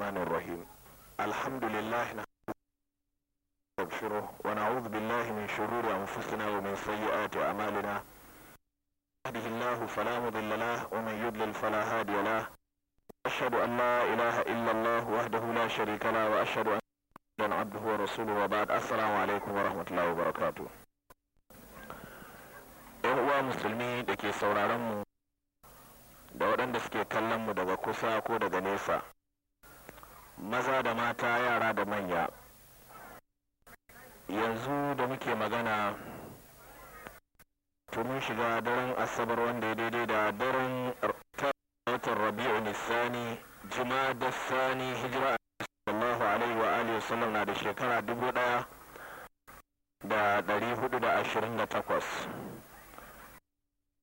الرحمن الرحيم الحمد لله نستغفره ونعوذ بالله من شرور أنفسنا ومن سيئات أعمالنا يهده الله فلا مضل له ومن يضلل فلا هادي له أشهد أن لا إله إلا الله وحده لا شريك له وأشهد أن محمدا عبده ورسوله وبعد السلام عليكم ورحمة الله وبركاته ‘Yan uwa musulmi da ke sauraron mu da waɗanda suke kallon mu daga kusa ko daga nesa. maza da mata yara da manya yanzu da muke magana mun shiga daren asabar wanda ya daidai da daren watan rabi'u nisani jima'a sani hijira sallallahu alaihi wa alihi wasallam na da shekara dubu daya da dari hudu da ashirin da takwas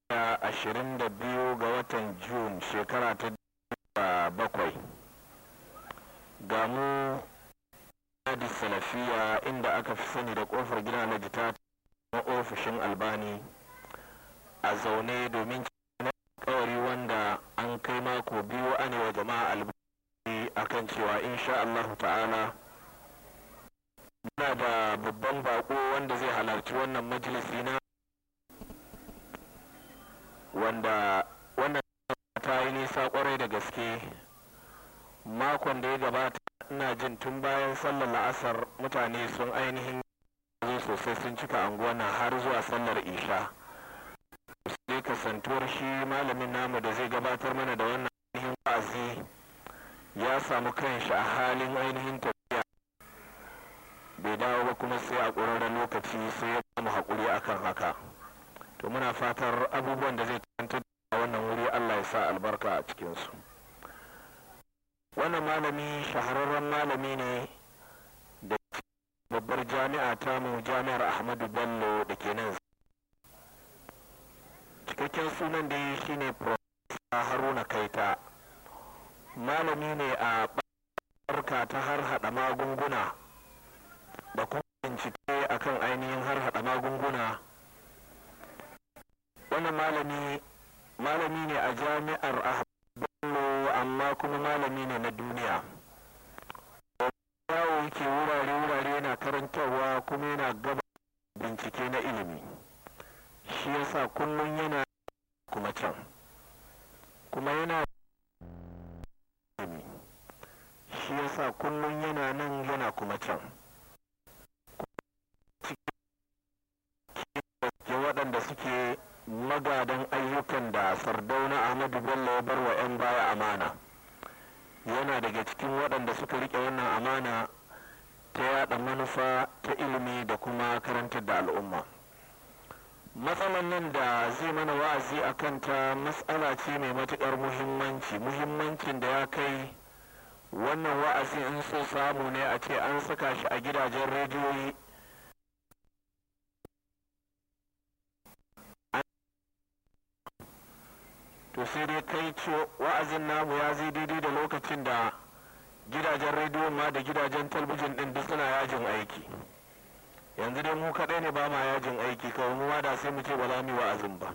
da ashirin da biyu ga watan jun shekara ta bakwai ga mu hadis salafiya inda aka fi sani da kofar gina na jita na ofishin albani a zaune domin cikin kawari wanda an kai mako biyu ana wa jama'a albani kan cewa insha Allah ta'ala muna da babban bako wanda zai halarci wannan majalisi na wanda wannan ta yi nisa kwarai da gaske makon da ya gabata ina jin tun bayan sallar la'asar mutane sun ainihin zo sosai sun cika anguwana har zuwa sallar isha sai kasantuwar shi malamin namu da zai gabatar mana da wannan ainihin wa'azi ya samu kan shi a halin ainihin tafiya bai dawo ba kuma sai a ƙwararren lokaci sai ya samu haƙuri akan haka to muna fatar abubuwan da zai tantar da wannan wuri allah ya sa albarka a cikinsu wannan malami shahararren malami ne da babbar jami'a ta mu jami'ar ahmadu bello da ke nan cikakken sunan da yi shine profesa haruna kaita malami ne a barka ta har hada magunguna da kuma bincike akan ainihin har hada magunguna wannan malami malami ne a jami'ar ahmadu amma kuma malami ne na duniya yawo yake wurare-wurare yana karantarwa kuma yana gaba bincike na ilimi shi yasa kullum yana kuma can kuma yana shi yasa kullum yana nan yana kuma can magadan ayyukan da sardauna ahmadu bello ya bar wa 'yan baya amana yana daga cikin waɗanda suka rike wannan amana ta yada manufa ta ilimi da kuma karantar da al'umma matsalan nan da zai mana wa'azi a kanta matsala ce mai matuƙar muhimmanci muhimmancin da ya kai wannan wa'azi in so samu ne a ce an saka shi a gidajen rediyoyi to sai dai kai ce wa'azin namu ya zai daidai da lokacin da gidajen rediyon ma da gidajen talbijin din duk suna yajin aiki yanzu dai mu kaɗai ne ba ma yajin aiki kawai mu da sai mu ce ba za mu yi wa'azin ba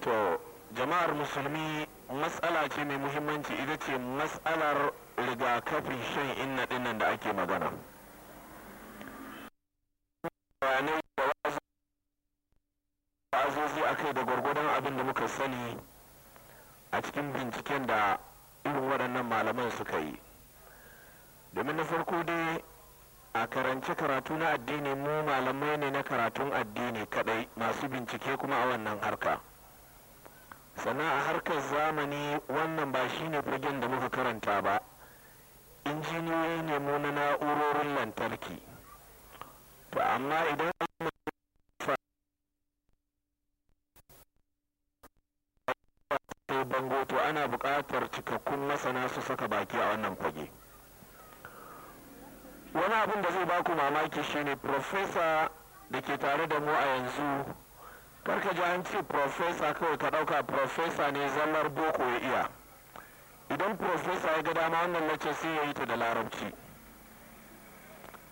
to jama'ar musulmi matsala ce mai muhimmanci ita ce matsalar rigakafin shan inna dinnan da ake magana bayanai da wa'azozi a kai da gwargwaro abin da muka sani a cikin binciken da irin waɗannan malaman suka yi domin na farko dai a karance karatu na addini mu malamai ne na karatun addini kadai masu bincike kuma a wannan harka sannan a harkar zamani wannan ba shine fagen da muka karanta ba injiniyoyi ne mu na na'urorin lantarki to amma idan ana buƙatar cikakkun masana su saka baki a wannan fage wani abin da zai baku mamaki shine profesa da ke tare da mu a yanzu karka ji an ce profesa kawai ka ɗauka profesa ne zallar boko ya iya idan profesa ya ga dama wannan lacce sai ya yi ta da larabci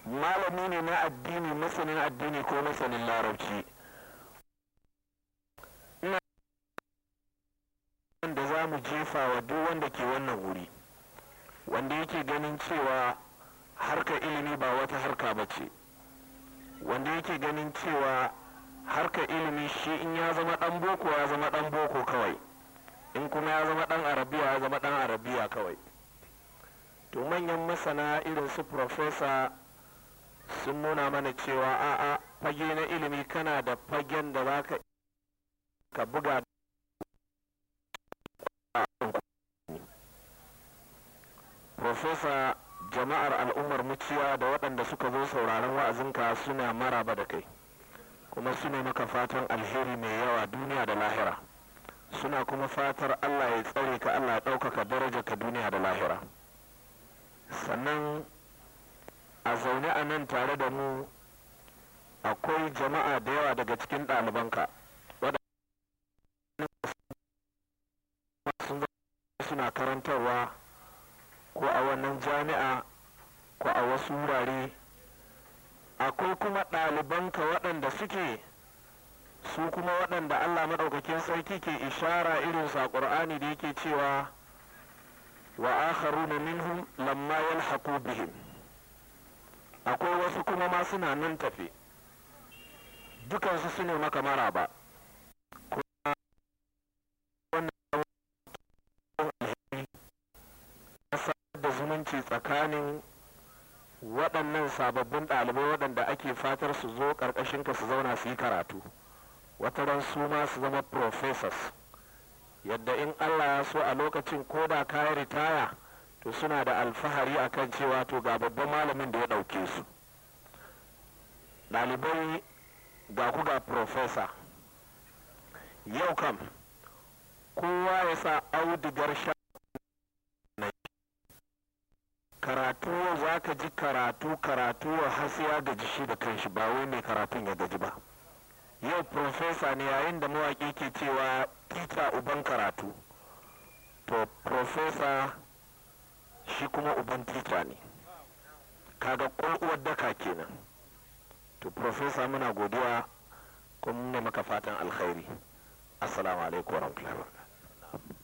malami ne na addini masanin addini ko masanin larabci da za mu jefa wa duk wanda ke wannan wuri wanda yake ganin cewa harkar ilimi ba wata harka ba ce wanda yake ganin cewa harka ilimi shi in ya zama dan boko ya zama dan boko kawai in kuma ya zama dan arabiya ya zama dan arabiya kawai to manyan masana irin su profesa sun nuna mana cewa a'a fage na ilimi kana da fagen da za ka buga farfesa jama'ar al'ummar muciya da waɗanda suka zo sauraron wa'azinka suna maraba da kai kuma suna maka fatan alheri mai yawa duniya da lahira suna kuma fatar allah ya tsare ka allah ya ɗaukaka daraja ka duniya da lahira sannan a zaune a nan tare da mu akwai jama'a da yawa daga cikin ɗalibanka waɗanda suna karantarwa ko a wannan jami'a ko a wasu wurare akwai kuma ɗalibanka waɗanda suke su kuma waɗanda allah maɗaukakin sarki ke ishara irin saƙur'ani ƙur'ani da yake cewa wa akharuna minhum lamma yalhaqu bihim akwai wasu kuma ma suna nan tafe dukansu su ne maka maraba ba da zumunci tsakanin waɗannan sababbin ɗalibai waɗanda ake fatar su zo ƙarƙashinka su zauna su yi karatu wata ran su ma su zama professors yadda in allah ya so a lokacin ko da yi ritaya to suna da alfahari akan cewa to ga babban malamin da ya ɗauke su ɗalibai ga ku ga professor yau kam kowa ya sa audigar sha karatu za ka ji karatu karatu wa hasi ya gaji shi da kanshi ba wai mai karatun ya gaji ba yau profesa ne yayin da mawaƙi ke cewa tita uban karatu to profesa shi kuma uban tita ne kaga ƙulƙuwar daka kenan to profesa muna godiya kuma ne maka fatan alkhairi assalamu alaikum warahmatullahi wabarakatuh